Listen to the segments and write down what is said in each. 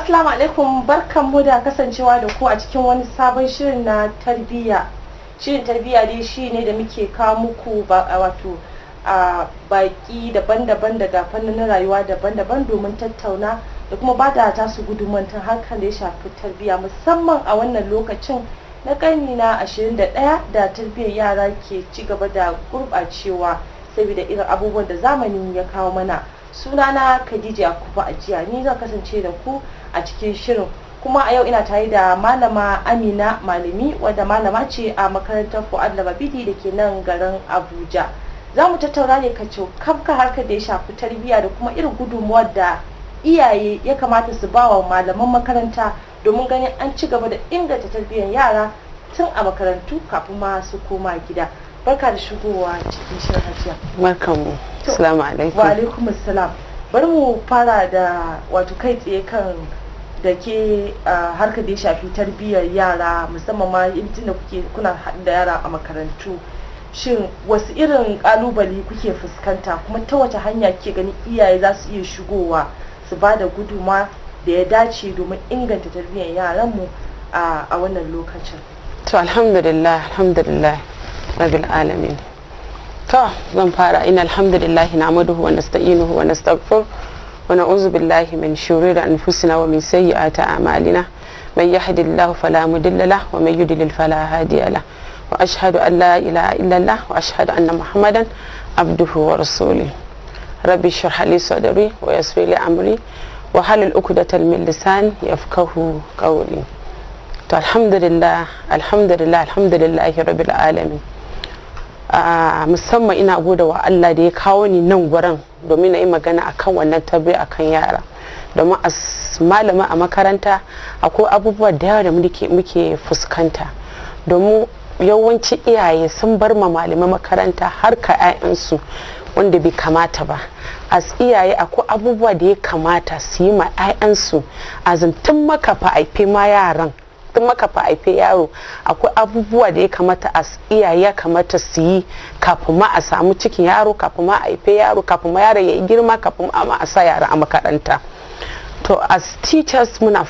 Assalamu alaikum mu da kasancewa da ku a cikin wani sabon shirin na tarbiyya. Shirin tarbiyya dai shi ne da muke kawo muku wato a baki daban-daban daga fannin rayuwa daban-daban domin tattauna da kuma ba da tasu gudumantar hakan da ya shafi tarbiyya musamman a wannan lokacin na ƙarni na 21 da tarbiyyar yara ke ci gaba da gurɓacewa saboda irin abubuwan da zamani ya kawo mana. sunana khadija kufa ajiya ni zan kasance da ku a cikin shirin kuma a yau ina tare da malama amina malami wadda malama ce a makarantar fu'ad labidi da ke nan garin abuja za mu tattauna ne ka kamka harkar da ya shafi tarbiyya da kuma irin gudunmuwar da iyaye ya kamata su ba wa malaman makaranta domin ganin an ci gaba da inganta tarbiyyar yara tun a makarantu kafin ma su koma gida barka da shigowa cikin shirin hajiya barkanmu assalamu alaikum wa alaikum assalam bari mu fara da wato kai tsaye kan da ke harkar da ya shafi tarbiyyar yara musamman ma yankin kuke kuna da yara a makarantu shin wasu irin kalubale kuke fuskanta kuma ta wace hanya ke ganin iyaye za su iya shigowa su ba da guduma da ya dace domin inganta tarbiyyar yaranmu a wannan lokacin to alhamdulillah alhamdulillah رب العالمين تو زن فارا ان الحمد لله نعمده ونستعينه ونستغفره ونعوذ بالله من شرور انفسنا ومن سيئات اعمالنا من يهد الله فلا مضل له ومن يضلل فلا هادي له واشهد ان لا اله الا الله واشهد ان محمدا عبده ورسوله ربي اشرح لي صدري ويسر لي امري وحل الأكدة من لسان يفقه قولي الحمد لله الحمد لله الحمد لله رب العالمين Ah, musamman ina gode wa Allah da ya kawo ni nan gurin domin na yi magana a kan wannan a akan yara domin a malama a makaranta akwai abubuwa da yawa da muke fuskanta domin yawanci iyaye sun bar ma malamai makaranta har ka 'ya'yansu wanda bai kamata ba as iyaye akwai abubuwa da ya kamata su yi ma 'ya'yansu azumtun makafa fa aife ma yaran tun maka fa haife yaro akwai abubuwa da ya kamata a iyaye kamata su yi kafin ma a samu cikin yaro kafin ma a haife yaro kafin ma yaro ya yi girma kafin ma a sa yara a makaranta to as teachers muna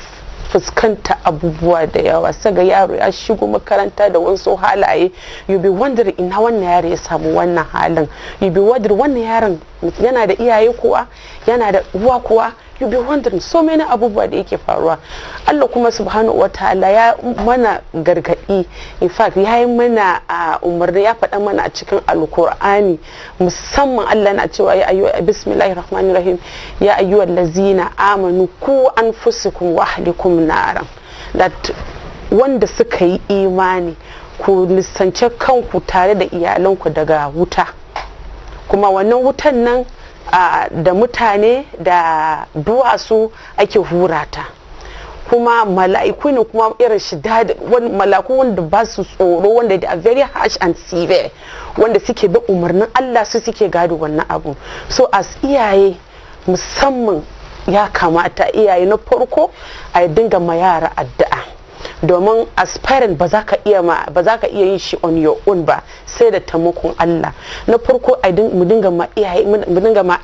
fuskanta abubuwa da yawa saga yaro ya shigo makaranta da wasu halaye you be wonder ina wannan yaro ya samu wannan halin you be wonder wannan yaron yana da iyaye kuwa yana da uwa kuwa you be wondering so many abubuwa da yake faruwa Allah kuma subhanahu wa ta'ala ya mana gargaɗi in fact ya yi mana umarni ya faɗa mana a cikin alkur'ani musamman Allah na cewa ya ayyu bismillahir rahmanir rahim ya ayyu allazina amanu ku anfusukum wa ahlikum naran that wanda suka yi imani ku nisance kanku tare da iyalanku daga wuta kuma wannan wutan nan da mutane da duwatsu ake hurata kuma mala'iku ne kuma irin shida malaku wanda ba su tsoro wanda da very harsh and severe wanda suke bi umarnin Allah su suke gado wannan abu so as iyaye musamman ya kamata iyaye na farko a dinga ma yara addu'a domin aspirin ba za ka iya yin shi on your own ba sai da taimakon Allah na farko mu dinga ma iyaye mu dinga ma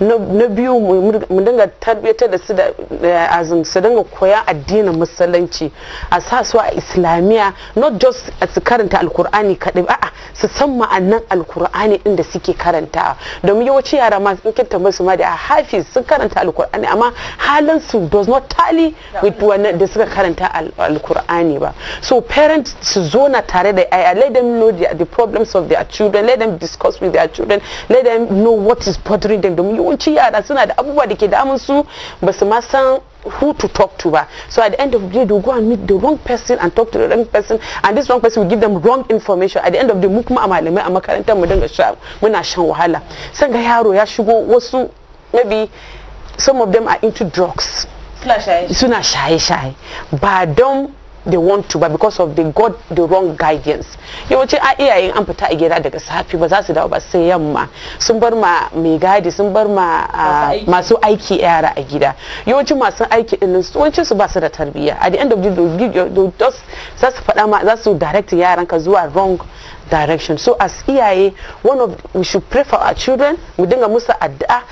na biyu mu dinga tarbiyyar da su da azin su dinga koya addinin musulunci a sa a islamiyya not just su karanta alkur'ani kaɗai a'a su san ma'annan alkur'ani din da suke karanta domin yawanci yara ma in kinta musu ma da ah, hafi sun karanta alkur'ani amma halin su does not tally with wannan da suka karanta alkur'ani ba so parents su zona tare da yaya let them know the, the problems of their children let them discuss with their children let them know what is bothering them domin yawanci yara suna da abubuwa da ke damun su ba su ma san who to talk to ba so at the end of the day they go and meet the wrong person and talk to the wrong person and this wrong person will give them wrong information at the end of the day mu kuma a malamai a makarantar mu dinga sha muna shan wahala san ga yaro ya shigo wasu maybe some of them are into drugs suna shaye-shaye ba don they want to but because of the god the wrong guidance yawanci a iyayen an fita a gida daga safi ba za su dawo ba sai yamma sun bar ma mai gadi sun bar ma ah, masu aiki yara a gida yawanci masu aiki din yawancin su ba su da tarbiyya at the end of the day za su faɗa ma za su direct yaran ka zuwa wrong direction so as iyaye one of we should pray for our children mu dinga musu addu'a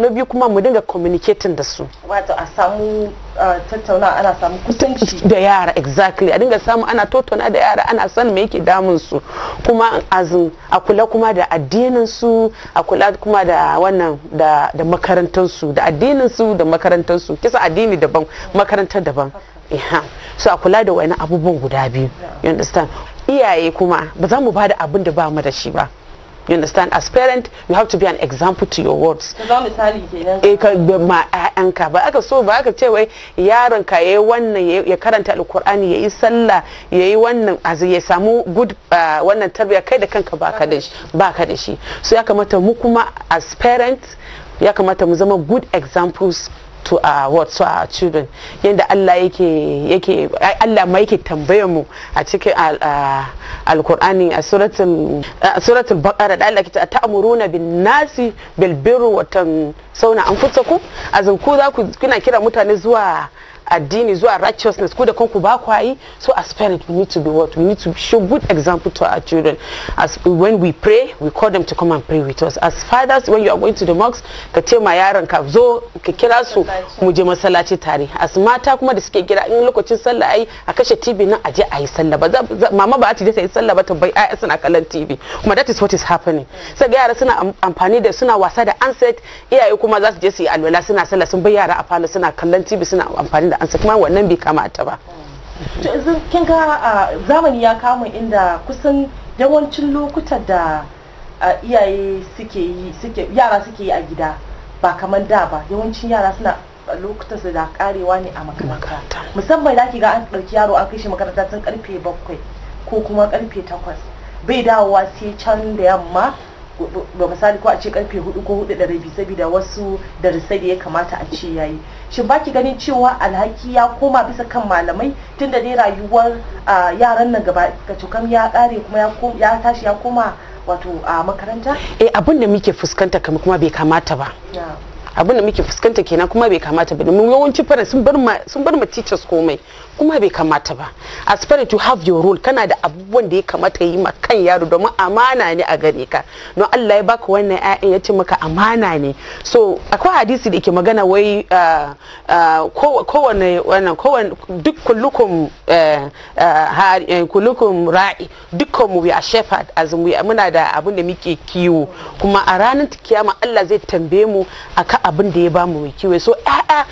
na biyu kuma mu dinga communicating da su wato a samu uh, tattauna ana samu kusanci da yara exactly a dinga samu ana tattauna da yara ana san me yake damun su kuma azin a kula kuma da addinin su a kula kuma da wannan da da makarantar su da addinin su da makarantar su kisa addini daban makarantar daban so a kula da wani abubuwan guda biyu you understand iyaye kuma ba za mu ba da abin da ba mu da shi ba you understand as parent you have to be an example to your words ka ba eh, ma ƴaƴanka ba aka so ba aka ce wai yaron ka yayi wannan ya karanta alqur'ani yayi sallah yayi wannan az ya samu good ah, wannan tarbiya kai da kanka baka da shi baka da shi so ya kamata mu kuma as parents ya kamata mu zama good examples to a what to our children yadda Allah yake yake Allah ma yake tambayar mu a cikin alkur'ani a suratul suratul baqara da Allah ke ta ta'muruna bin nasi bil birri wa tan sauna an kusa ku azan ku za ku kuna kira mutane zuwa addini zuwa righteousness ko da kanku ba ku yi so as parents we need to be what we need to show good example to our children as when we pray we call them to come and pray with us as fathers when you are going to the mosque ka ce ma yaron ka zo ka kira su mu je masallaci tare as mata kuma da suke gida in lokacin sallah ai a kashe tv nan a je a yi sallah ba mama ba ta je ta yi sallah ba ta bai ai suna kallon tv kuma that is what is happening sai ga yara suna amfani da suna wasa da anset iyaye kuma za su je su yi alwala suna sallah sun bai yara a falo suna kallon tv suna amfani da sana'ansa kuma wannan bai kamata ba kin ga zamani ya kama inda kusan yawancin lokutan da iyaye suke yi suke yara suke yi a gida ba kamar da ba yawancin yara suna lokutan su da karewa ne a makaranta musamman da ga an ɗauki yaro an kai shi makaranta tun karfe bakwai ko kuma karfe takwas bai dawowa sai can da yamma ba misali ko a ce karfe hudu ko hudu da rabi saboda wasu darasai da ya kamata a ce yayi shin baki ganin cewa alhaki ya koma bisa kan malamai tunda dai rayuwar yaran nan gaba kacokam ya kare kuma ya tashi ya koma wato a makaranta eh abin da muke fuskanta kuma bai kamata ba abin da muke fuskanta kenan kuma bai kamata ba domin yawanci fara sun bar ma sun bar ma teachers komai kuma bai kamata ba as far you have your role kana da abubuwan da ya kamata yi kan yaro domin amana ne a gare ka no Allah ya baka wannan 'ya'yan ya ce maka amana ne so akwai hadisi da ke magana wai uh, uh, kowane wannan kowane duk kullukum uh, eh, kullukum ra'i dukkan mu a shepherd as muna da abin da muke kiwo kuma a ranar kiyama Allah zai tambaye mu akan abin da ya bamu mu kiwo so a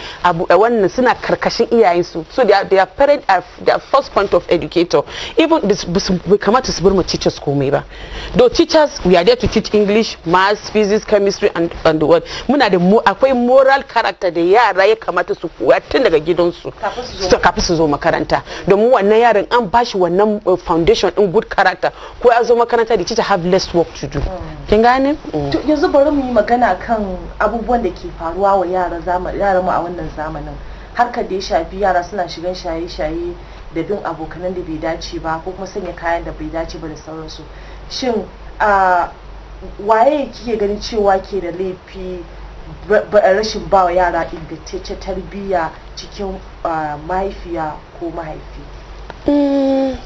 wannan suna karkashin iyayensu so da parent are uh, the first point of educator even bai kamata su bar mu teachers komai ba do teachers we are there to teach english maths physics chemistry and and the world muna da akwai moral character da yara come out to school, we daga gidansu kafin su zo makaranta domin wannan yaran an bashi wannan uh, foundation and good character ko azo zo makaranta the teacher have less work to do mm. kin gane mm. yanzu bari mu yi magana kan abubuwan da ke faruwa wa yara mu a wannan zamanin harkar da ya shafi yara suna shigan shaye-shaye da bin abokanan da bai dace ba ko kuma sanya kayan da bai dace ba da sauransu shin waye kike ganin cewa ke da laifi rashin ba wa yara ingantaccen tarbiyya cikin mahaifiya ko mahaifi mm,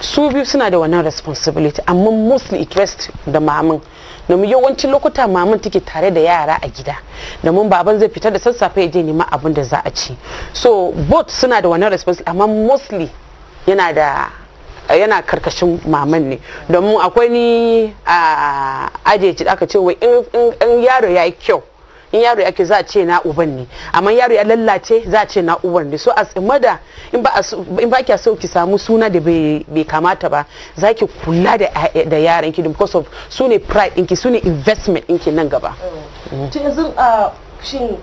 su biyu suna da wannan responsibility amma mostly it rest da maman da mu yawancin lokuta maman take tare da yara a gida da mun baban zai fita da sassafe ya je neman abin da za a ci so both suna da wannan responsibility amma mostly yana da yana karkashin maman ne domin akwai ni a ah, ajeji aka ce in yaro ya yi kyau in yaro yake za a ce na uban ne amma yaro ya lallace za a ce na uban ne so a mada in ba ki so ki samu suna da bai kamata ba za ki kula da da yaran ki because of su ne pride ɗinki su ne investment ɗinki nan gaba. Oh. to yanzu ah, shin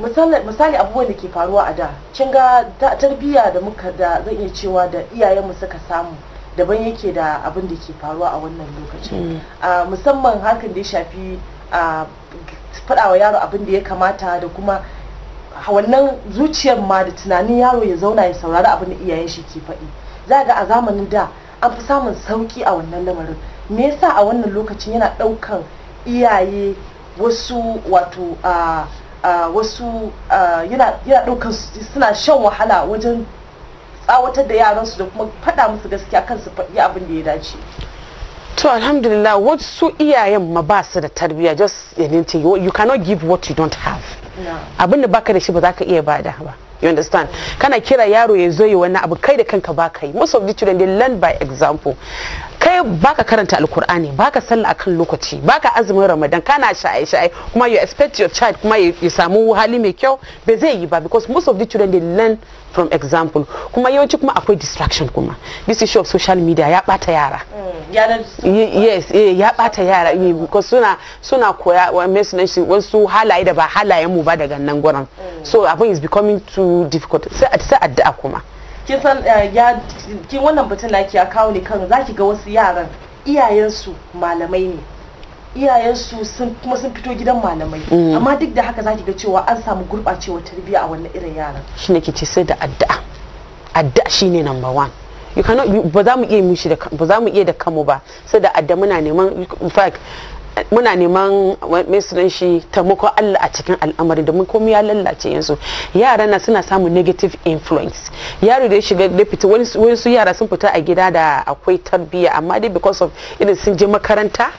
misali abubuwan da ke faruwa a da kin ga tarbiyya da muka da zan iya cewa da iyayen mu suka samu daban yake da abin da ke faruwa a wannan lokacin mm. ah, musamman hakan da ya shafi ah, faɗa wa yaro abin da ya kamata da kuma wannan zuciyar ma da tunanin yaro ya zauna ya saurari abin da iyayen shi ke faɗi za ga a zamanin da an fi samun sauki a wannan lamarin me yasa a wannan lokacin yana ɗaukan iyaye wasu wato a wasu yana ɗaukan suna shan wahala wajen tsawatar da yaransu da kuma faɗa musu gaskiya kan su faɗi abin da ya dace So alhamdulillah, what su iyayen ma ba su da tarbiyya just anything you cannot give what you don't have. Abin da baka da shi ba za ka iya bada ba. You understand? Kana kira yaro ya zo yi wannan abu kai da kanka ba kai. Most of the children they learn by example. kai baka karanta alkur'ani baka sallah akan lokaci baka azumin ramadan kana sha'ai sha'ai kuma you expect your child kuma ya samu hali mai kyau ba zai yi ba because most of the children they learn from example kuma yawanci kuma akwai distraction kuma this issue of social media ya bata yara mm, yes eh, ya bata yara eh, because suna suna koya wasu halaye da ba halayen mu ba daga nan gurin mm. so abin is becoming too difficult sai addu'a kuma kin san eh, ya kin wannan batun naki ya kawo ne kan zaki ga wasu yaran iyayensu malamai ne iyayensu sun kuma sun fito gidan malamai mm. amma duk da haka zaki ga cewa an samu gurɓacewa tarbiyya a wannan irin yaran ne ke ce sai da addu'a addu'a ne number one you cannot ba za mu iya mishi da ba za mu iya da kanmu ba sai da adda muna neman in fact muna neman mai sunan shi taimako Allah a cikin al'amari da mun komai ya lallace yanzu yara na suna samun negative influence yaro da ya shiga da fita wani su yara sun fita a gida da akwai tarbiyya amma dai because of irin sun je makaranta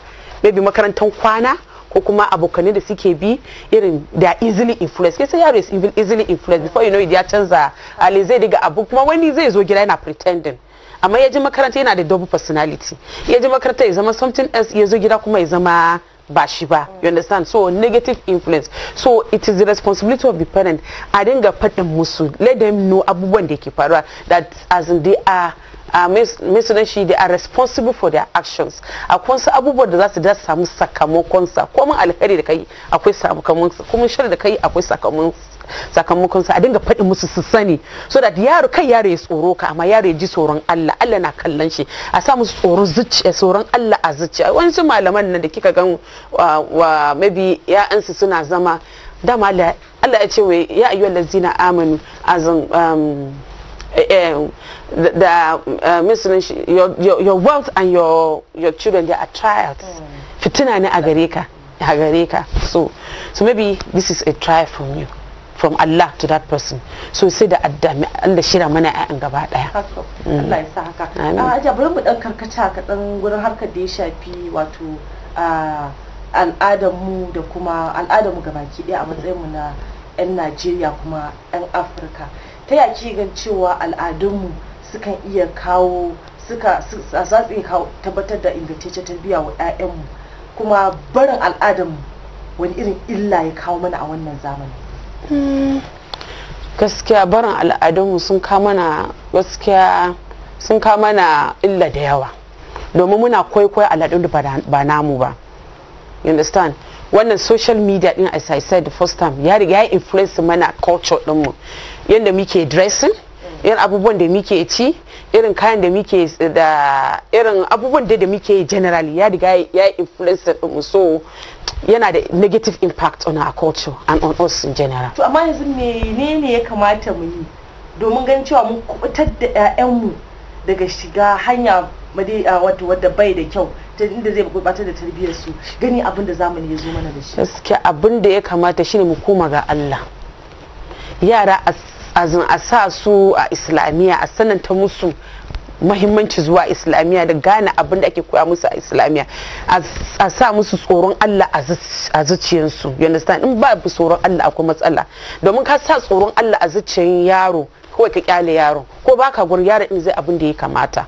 maybe makarantar kwana ko kuma abokanai da suke bi irin da easily influence kesa yaro is easily influence before you know it ya canza ali zai diga abu kuma wani zai zo gida yana pretending amma yaji makaranta yana da double personality ya makaranta ya zama something else ya zo gida kuma ya zama ba shi ba you understand so negative influence so it is the responsibility of the parent a dinga faɗin musu let them know abubuwan da ke faruwa that as in they are uh, mai shi they are responsible for their actions akwai wasu abubuwan da za su da samu sakamakonsa kuma alheri da kai akwai sakamakonsa kuma shari da kai akwai sakamakonsa sakamakon sa a dinga faɗi musu su sani so da yaro kai yaro ya tsoro ka amma yaro ya ji tsoron Allah Allah na kallon shi a sa musu tsoron zuciya eh, tsoron Allah a zuciya wani malaman nan da kika gan wa maybe su suna zama dama Allah ya ce wai ya ayyuhal ladzina amanu azan da um, eh, eh, uh, misalin your wealth and your your children they are trials fitina ne a gare ka a gare ka so so maybe this is a trial from you from Allah to that person so sai da addami Allah shira mana ƴaƴan gaba daya mm. Allah ya sa haka ah, a bari mu dan karkata ka dan gurin harkar da ya shafi wato ah, mu da kuma al'adarmu gabaki daya a matsayin mu na 'yan Najeriya kuma 'yan Afirka ta ya ci gan cewa al'adunmu sukan iya kawo suka za su iya tabbatar da ingantaccen tarbiyya wa 'ya'yanmu kuma barin mu wani irin illa ya kawo mana a wannan zamanin. gaskiya barin al'adunmu sun kamana gaskiya sun kamana illa da yawa domin muna kwaikwayo al'adun da ba namu ba you understand wannan social media din as i said the first time ya riga ya influence mana culture dinmu yadda muke dressing irin abubuwan da muke ci irin kayan da muke da irin abubuwan da muke generally ya riga ya influence mu so yana da negative impact on our culture and on us in general to amma yanzu menene ya kamata mu yi domin ganin cewa mun kubutar da 'ya'yanmu daga shiga hanya wato wadda bai da kyau ta inda zai gurbatar da tarbiyyar su gani abin da zamani ya zo mana da shi gaskiya abin da ya kamata shine mu koma ga Allah yara a azin a sa su a islamiyya a sananta musu mahimmanci zuwa islamiyya da gane abin da ake koya musu a islamiyya a sa musu tsoron Allah a zuciyarsu you in ba bu tsoron Allah akwai matsala domin ka sa tsoron Allah a zuciyar yaro kawai ka kyale yaro ko baka gurin yaro in zai abin da ya kamata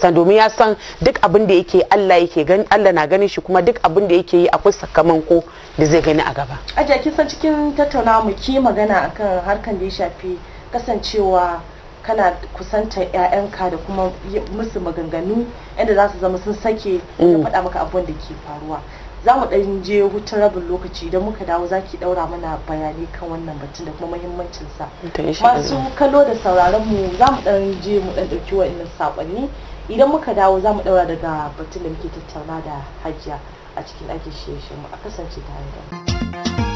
san domin ya san duk abin da yake Allah yake Allah na ganin shi kuma duk abin da yake yi akwai sakamako da zai gani a gaba ajiya kin san cikin tattauna mu ki magana akan harkan da ya shafi kasancewa kana kusanta 'ya'yanka da kuma musu maganganu yadda za su zama sun sake da mm. faɗa maka abubuwan da ke faruwa za mu ɗan je hutun rabin lokaci idan muka dawo za ki ɗaura mana bayanai kan wannan batun da kuma muhimmancinsa masu kallo da sauraron mu za mu ɗan je mu ɗan ɗauki wa'annan saƙonni idan muka dawo za mu daura daga batun da muke tattauna da hajiya a cikin ake shirye-shirye a kasance tare da mu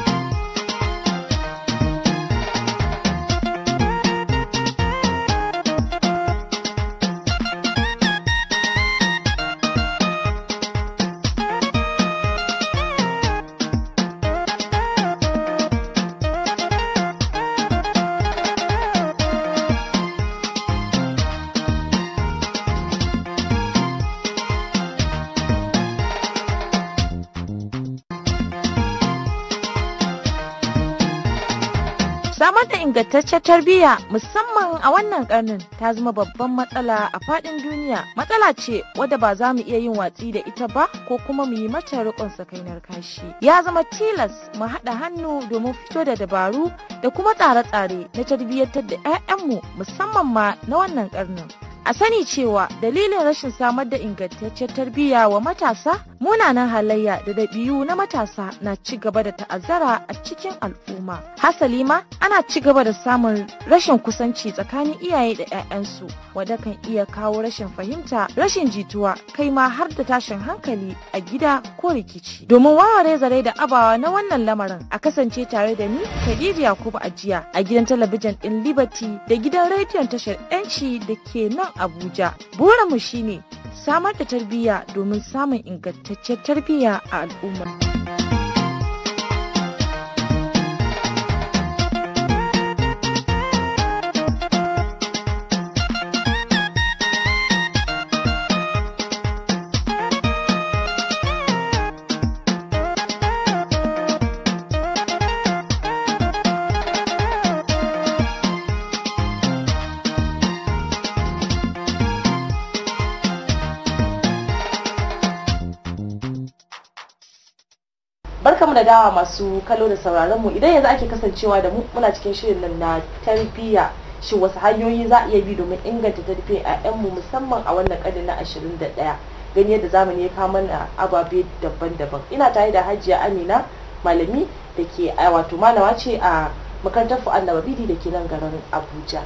ingantaccen tarbiyya musamman a wannan karnin ta zama babban matsala a faɗin duniya matsala ce wadda ba za mu iya yin watsi da ita ba ko kuma mu yi mata riƙon sakainar kashi ya zama tilas mu haɗa hannu domin fito da dabaru da kuma tsare-tsare na tarbiyyantar da 'ya'yanmu musamman ma na wannan karnin a sani cewa dalilin rashin samar da ingantaccen tarbiyya wa matasa munanan halayya da ɗabi'u na matasa na ci gaba da ta'azzara a cikin al'umma hasali ma ana ci gaba da samun rashin kusanci tsakanin iyaye da 'ya'yansu wadda kan iya kawo rashin fahimta rashin jituwa kai ma har da tashin hankali a gida ko rikici domin waware zare da abawa na wannan lamarin a kasance tare da ni khadija yakubu ajiya a gidan talabijin ɗin liberty da gidan rediyon tashar 'yanci da ke nan abuja burinmu shine samar da tarbiyya domin samun ingantaccen taƙaitacciyar tarbiyya a dawa masu kallo da sauraron mu idan yanzu ake kasancewa da muna cikin shirin nan na tarbiyya shin wasu hanyoyi za a iya bi domin inganta yan mu musamman a wannan kadi na 21 gani yadda zamani ya kama na ababe daban-daban ina tare da hajiya amina malami da ke wato malama ce a makarantar fu'an na babidi da ke nan garin abuja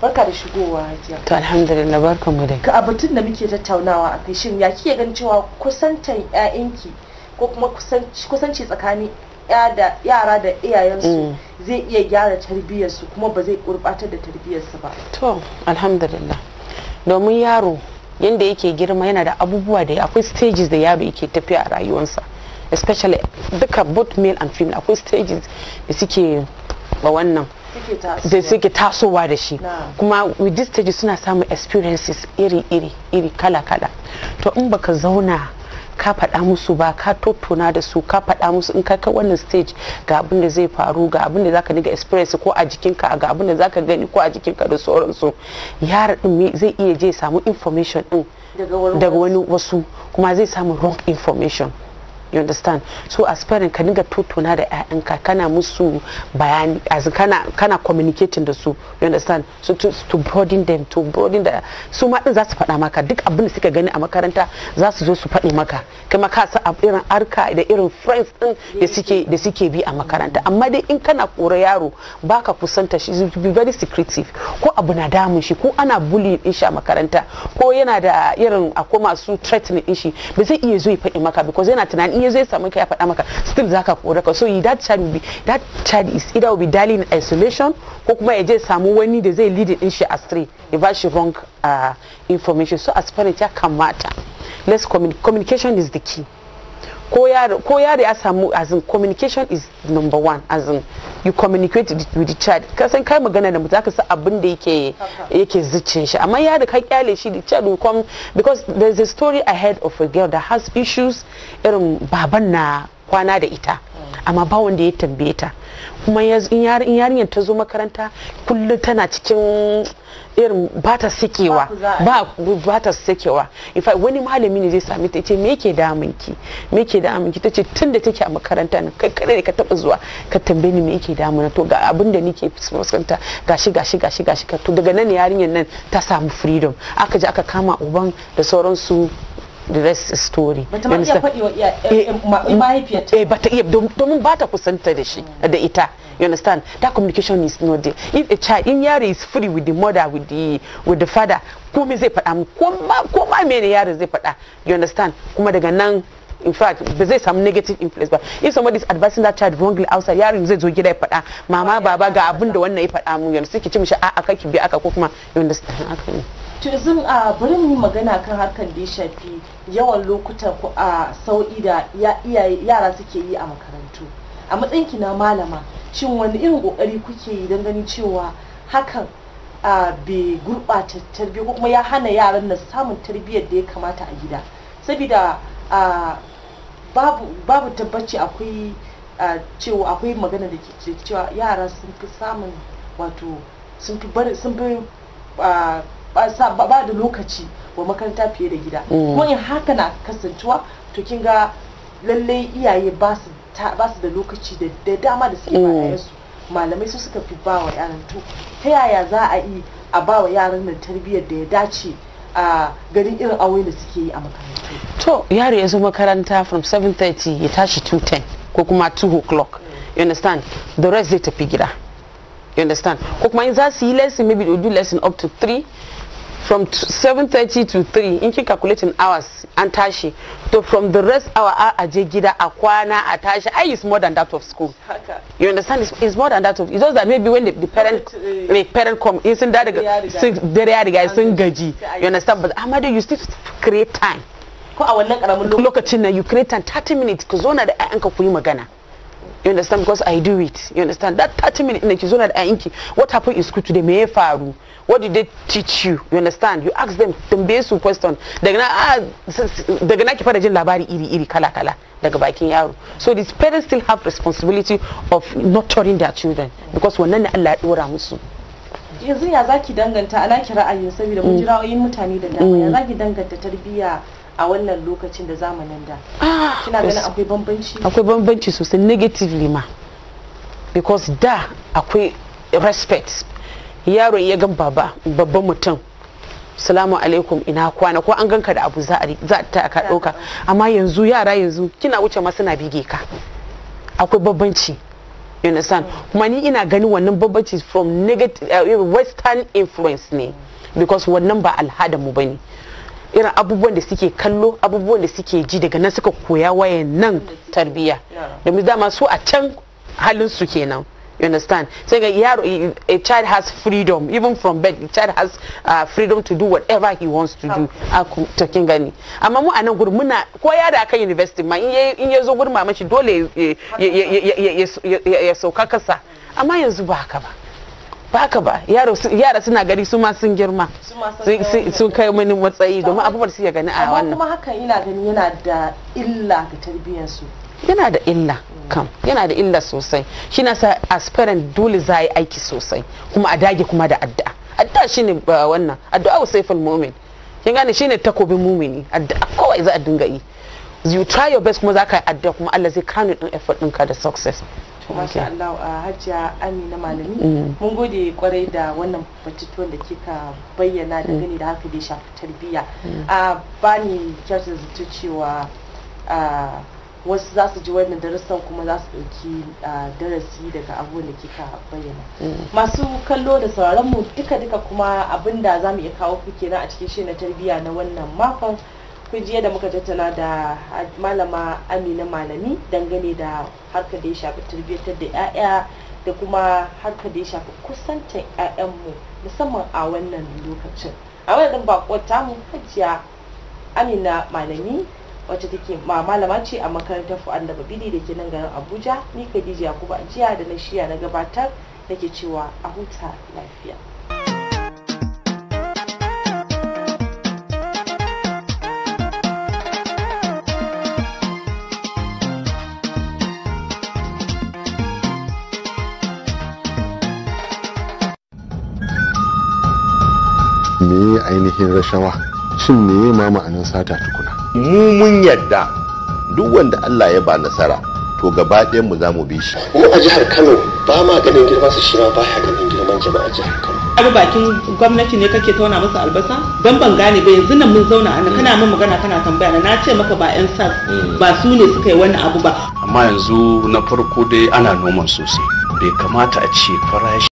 barka da shigowa hajiya to alhamdulillah barkan mu ka abatun da muke tattaunawa a kai shin ya kike ganin cewa kusantan 'ya'yanki ko kuma kusanci tsakanin yara da iyayensu mm. zai iya gyara tarbiyyarsu kuma ba zai kurbatar da tarbiyyarsu ba to alhamdulillah domin yaro yadda yake girma yana da abubuwa da akwai stages da yaro yake tafiya a rayuwarsa especially duka both male and female akwai stages da suke ba wannan da suke tasowa da shi kuma with this stages suna samun experiences iri iri iri kala kala to in baka zauna ka faɗa musu ba ka tottona da su ka faɗa musu in ka kai wannan stage ga abin da zai faru ga abin da zaka niga experience ko a jikinka ga abin da zaka gani ko a jikinka da sauransu yara din zai iya je samu information din daga wani wasu kuma zai samu wrong information you understand so as parent ka dinga tattauna da ƴaƴanka kana musu bayani as kana kana communicating da su you understand so to, to broaden them to broaden the su ma din za su faɗa maka duk abin da suka gani a makaranta za su zo su faɗi maka ma ka sa irin arka da irin friends din da suke da suke bi a makaranta amma dai in kana kora yaro baka kusanta shi be very secretive ko abu na damun shi ko ana bullying din shi a makaranta ko yana da irin akwai masu threatening din shi ba zai iya zo ya faɗi maka because yana tunanin ya zai samu ka ya faɗa maka still zaka kora ka so that child will be that child is either will be daily in isolation ko kuma ya je samu wani da zai lead din shi astray ya ba shi wrong uh, information so as parent ya kamata let's commun communication is the key ko ya da ya samu as in communication is number one as in you communicate with the child ka san kai magana da mutum sa abin da yake yake zicin shi amma da ka kyale shi the child will come because there's a story ahead of a girl that has issues irin baban na kwana da ita mm. amma ba wanda ya tambaye ta kuma in yarinyar ta zo makaranta kullum tana cikin irin ba ta sikewa ba ta sikewa in fact wani malami ne zai sami ta ce me yake damunki me yake damunki ta ce tun da take a makaranta ne kai kare ka taba zuwa ka tambaye ni me yake damuna to ga abin da nake fuskanta gashi gashi gashi gashi to daga nan yarinyar nan ta samu freedom aka je aka kama uban da sauransu the rest is story bata ma iya faɗi wa eh, eh, eh, mm, mahaifiyarta eh bata iya domin bata kusanta da shi da ita you understand that communication is not there if a child in yari is free with the mother with the with the father komai zai faɗa mu ko ma mene yaro zai faɗa you understand kuma daga nan in fact ba zai samu negative influence ba if somebody is advising that child wrongly outside yarin zai zo gida ya faɗa mama baba ga abin da wannan ya faɗa mu yanzu ki ci mishi a'a ki bi aka ko kuma you understand to yanzu a bari mu yi magana kan harkan da ya shafi yawan lokuta ku a sau'i da yara suke yi a makarantu a matsayin ki na malama shin wani irin kokari kuke yi don ganin cewa hakan a bai gurɓata tarbiyya kuma ya hana yaran nan samun tarbiyyar da ya kamata a gida saboda a babu tabbaci akwai cewa akwai magana da ke cewa yara sun fi samun wato sun fi sun fi ba da lokaci wa makaranta fiye da gida mm. kuma in haka na kasancewa to kin ga lallai iyaye ba su da lokaci da dama da suke ba mm. su malamai su suka fi ba wa yaran to ta yaya za a yi a ba wa yaran nan tarbiyyar da ya dace a garin irin aure da suke yi a makarantu to yaro ya zo makaranta from 7:30 ya tashi 2:10 ko kuma 2 o'clock you understand the rest zai tafi gida you understand ko kuma in za su yi lesson maybe they do lesson up to 3 from 7:30 to 3 in kin calculating hours an tashi to from the rest hour a aje gida a kwana a tashi i is more than that of school you understand it's, it's more than that of it's just that maybe when the, the parent eh. the parent come in sun da daga sun dare sun gaji you understand but amadu you still create time ko a wannan karamin lokacin nan you create time 30 minutes ku zona da ƴaƴanka ku yi magana you understand because i do it you understand that 30 minutes ne ki zona da ƴaƴanki what happened in school today me ya faru what did they teach you you understand you ask them tambaye su question daga na ah, daga na ki fara jin labari iri iri kala kala daga bakin yaro so these parents still have responsibility of nurturing their children because wannan ne Allah ya dora musu yanzu ya zaki danganta ana ki ra'ayin saboda mun jira mm. ra'ayin mutane da dama ya zaki mm. danganta tarbiyya a wannan lokacin da zamanin da ah, kina ganin akwai bambanci akwai bambanci sosai negatively ma because da akwai respect yaro iya gan baba babban mutum salamu alaikum ina kwana ko an ganka da abu za a ta ka ɗauka amma yanzu yara yanzu kina wuce ma suna bige ka akwai babbanci you understand mm. kuma ni ina ganin wannan babbanci from negative eh, eh, western influence ne because wannan ba al'ada mu bane irin abubuwan da suke kallo abubuwan da suke ji daga nan suka koya wayan nan tarbiyya da mu dama su a can halin su kenan You understand? So a, a child has freedom, even from birth. The child has uh, freedom to do whatever he wants to do. Aku ah, talking gani. Amma mu a nan gurin muna ko ya da aka university ma in ya zo gurin mama shi dole ya sauka kasa. Amma yanzu ba haka ba. Ba haka ba. Yara suna gari su ma sun girma. Sun kai mini matsayi domin abubuwan su ya gani a wannan. Amma kuma hakan ina gani yana da illa ga tarbiyyarsu. Yana da illa. kam yana da illa sosai shi na sa aspirin dole za yi aiki sosai kuma a dage kuma da addu'a addu'a shine wannan addu'a wa saiful mu'min kin gane shine takobin mumini addu'a kawai za a dinga yi you try your best kuma za ka yi addu'a kuma Allah zai kano din effort ɗinka da success masha Allah a uh, hajjiya amina malami mm. mun gode kwarai da wannan batutuwan da kika bayyana mm. da gani da haka da shafi tarbiyya a mm. uh, bani kyautar zato cewa uh, wasu za su ji wannan darussan kuma za su ɗauki darasi daga abubuwan da kika bayyana mm. masu kallo da sauraron mu duka duka kuma abin da za mu iya kawo ku kenan a cikin shirin tarbiyya na wannan makon ku jiya da muka tattauna da malama amina malami dangane da harkar da ya shafi tarbiyyar da 'ya'ya da kuma harkar da ya shafi kusancin 'ya'yanmu musamman a wannan lokacin a wannan bakon tamu hajiya amina malami wacce take ma malama ce a makarantar fu'anda babidi da ke nan garin abuja ni khadija kuma jiya da na shiya na gabatar nake cewa a huta lafiya me ainihin rashawa shin me ma ma'anin sata tukun mu mun yarda duk wanda Allah ya ba nasara to gaba ɗayan mu za mu bi shi mu a jihar Kano ba ma ganin girman su shi ba ya ganin girman jama'a jihar Kano abu bakin gwamnati ne kake tauna masa albasa don ban gane ba yanzu nan mun zauna ana kana mun magana kana tambaya na ce maka ba yan sas hmm. ba su ne suka yi wani abu ba amma yanzu na farko dai ana noman sosai bai kamata a ce farashi